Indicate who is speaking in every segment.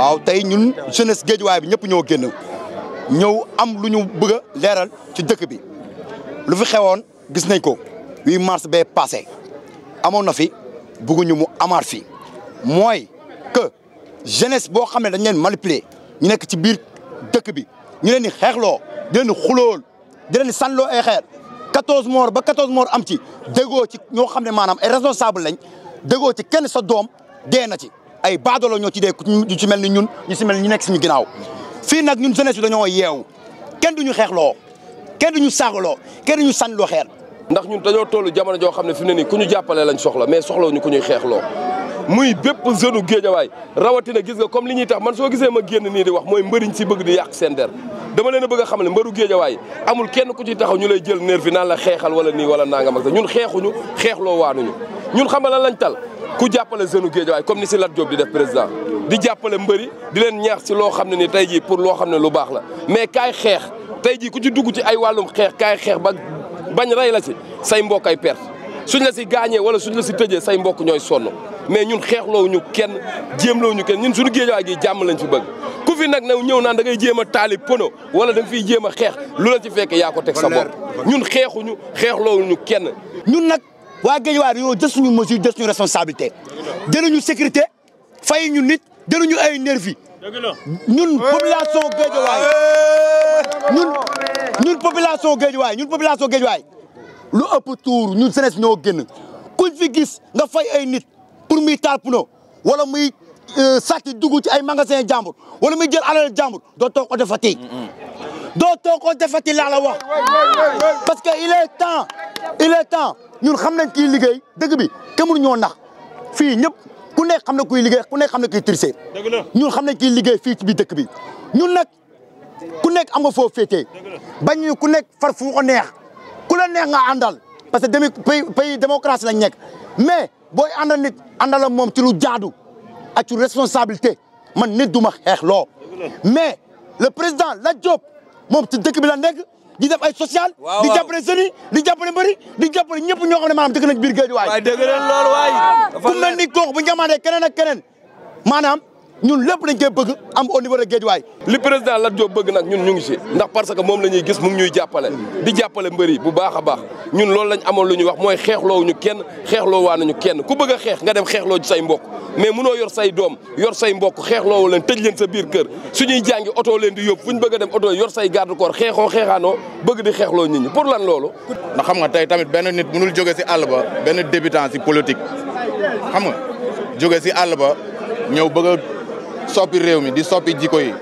Speaker 1: waaw tey ñun jeunesse géejuwaay bi ñëpp ñoo génn ñëw am lu ñu bëgg a leeral ci dëkk bi lu fi xewoon gis nañ ko 8 mars bee passé amoon na fi bëgguñu mu amaat fi mooy que jeunesse boo xam ne dañ leen manipuler ñu nekk ci biir dëkk bi ñu leen di xeexloo di leen di xulool di leen di sànloo ay xeer 14 morts ba 14 morts am ci déggoo ci ñoo xam ne maanaam ay responsable lañ déggoo ci kenn sa doom dee na ci ay baadoolo ñoo ci dee ñu ci mel ni ñun ñu ci ni ñu nekk ñu ginnaaw fii nag ñun jeunesse bi dañoo yeew kenn duñu xeexloo kenn ñu saagaloo kenn duñu sànniloo xeer ndax ñun dañoo toll jamono
Speaker 2: joo xam ne fi mu ne nii ku ñu jàppale lañ soxla mais soxlawuñu ku ñuy xeexloo muy bépp jeune u géejawaay rawatina gis nga comme li ñuy tax man soo gisee ma génn nii di wax mooy mbëriñ si bëgg di yàq seen dama leen a bëgg a xam ne mbëru géejawaay amul kenn ku ci taxaw ñu lay jël nerf yi naan la xeexal wala nii wala nangam ak ñun xeexuñu xeexloo waanuñu ñun xam lan lañ tal ku jàppale jeune Guédiawaye comme ni si Lat Diop di def président di jàppale mbëri di leen ñaax si loo xam ne ni tey jii pour loo xam ne lu baax la mais kaay xeex tey jii ku ci dugg ci ay wàllum xeex kaay xeex ba bañ rey la si say mbokk ay perte suñ la si gaañee wala suñ la si tëjee say mbokk ñooy sonn mais ñun xeexloowuñu kenn ñu kenn ñun suñu Guédiawaye gi jàmm lañ si bëgg ku fi nag nag ñëw naan da ngay jéem a taali pono wala da nga fiy jéem a xeex lu ci fekk yaa ko teg sa bopp ñun xeexuñu xeexloowuñu
Speaker 1: waa Guédiawaye dañoo jël suñu mesure ñu suñu responsabilité jëluñu sécurité fay ñu nit jëluñu ay nervi ñun population Guédiawaye ñun ñun population Guédiawaye ñun population Guédiawaye lu ëpp tuur ñun jeunesse ñoo génn kuñ fi gis nga fay ay nit pour muy taal pneu wala muy euh, sàcc dugg ci ay magasin jàmbur wala muy jël alal jàmbur doo toog ko defati doo toog ko defati laa la wax parce que il est temps il est temps ñun xam nañ kii liggéey dëkk bi te mun ñoo nax fii ñëpp ku nekk xam ne kuy liggéey ku nekk xam na kuy tricher ñun xam nañ kii liggéey fii ci biir dëkk bi ñun nag ku nekk am nga foo ba bañ ñu ku nekk far fu ko neex ku la neex nga àndal parce que demi pays pays démocratie lañ nekk mais booy àndal nit àndal ak moom ci lu jaadu ak cu responsabilité man nit du ma xeex loo mais le président la Diop moom ci dëkk bi la nekk di def ay social. di jàppale sëriñ di jàppale mbëri di jàppale ñëpp ñoo xam ne maanaam dëkk nañ biir géej waay. waay la loolu waay. ku mel ni kooku bu ñu keneen ak keneen maanaam ñun lépp dañ koy bëgg am au niveau de géej waay. li président Lat Diop bëgg nag ñun ñu ngi si ndax
Speaker 2: parce que moom la ñuy gis mu ngi ñuy jàppale di jàppale mbëri bu baax a baax ñun loolu lañ amoon lu ñuy wax mooy xeexloo ñu kenn xeexloo waa nañu kenn ku bëgg a xeex nga dem xeexloo ci say mbokk mais mënoo yor say doom yor say mbokk xeexloo leen tëj leen sa biir kër suñuy jàngi oto leen di yóbbu fu ñu bëgg dem oto yor say garde corps xeexoo xeexaanoo bëgg di xeexloo nit ñi pour lan loolu. ndax xam nga tey tamit benn nit mënul jóge si àll
Speaker 3: benn débutant si politique xam nga jóge si àll ba ñëw bëgg a soppi réew mi di soppi jikko yi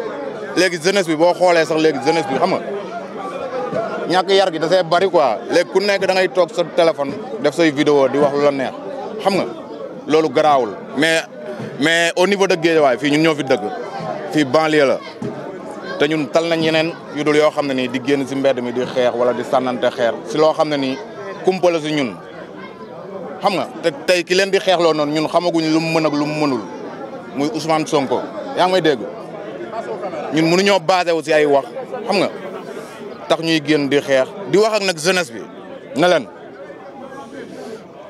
Speaker 3: léegi jeunesse bi boo xoolee sax léegi jeunesse bi xam nga ñàkk yar gi da see bari quoi léegi ku nekk da ngay toog sa téléphone def say vidéo di wax neex xam nga. loolu garaawul mais mais au niveau de Guédiawaye fii ñun ñoo fi dëkk fii banlieue la te ñun tal nañ yeneen yu dul yoo xam ne nii di génn si mbedd mi di xeex wala di sànnante xeer si loo xam ne nii kumpa si ñun xam nga te tey ki leen di xeexloo noonu ñun xamaguñ lu mu mën ak lu mu mënul muy Ousmane Sonko yaa ngi may dégg ñun mënuñoo basé wu si ay wax xam nga tax ñuy génn di xeex di wax nag jeunesse bi na leen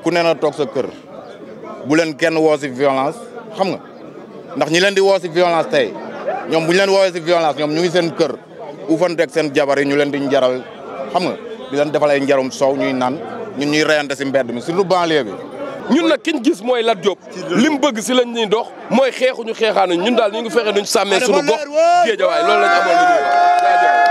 Speaker 3: ku ne na toog sa kër bu leen kenn woo si violence xam nga ndax ñi leen di woo si violence tey ñoom bu ñu leen woowee si violence ñoom ñu ngi seen kër uufanteeg seen jabar yi ñu leen di njaral xam nga di leen defal ay njarum soow ñuy naan ñun ñuy reyante si mbedd
Speaker 2: mi si surtout banlieue bi. ñun nag kiñ gis mooy Lat Diop li mu bëgg si lañ ñuy dox mooy ñu xeexuñu xeexaanuñ ñun daal ñu ngi fexe nuñ sàmmee suñu gox géejawaay loolu lañ amoon lu ñuy wax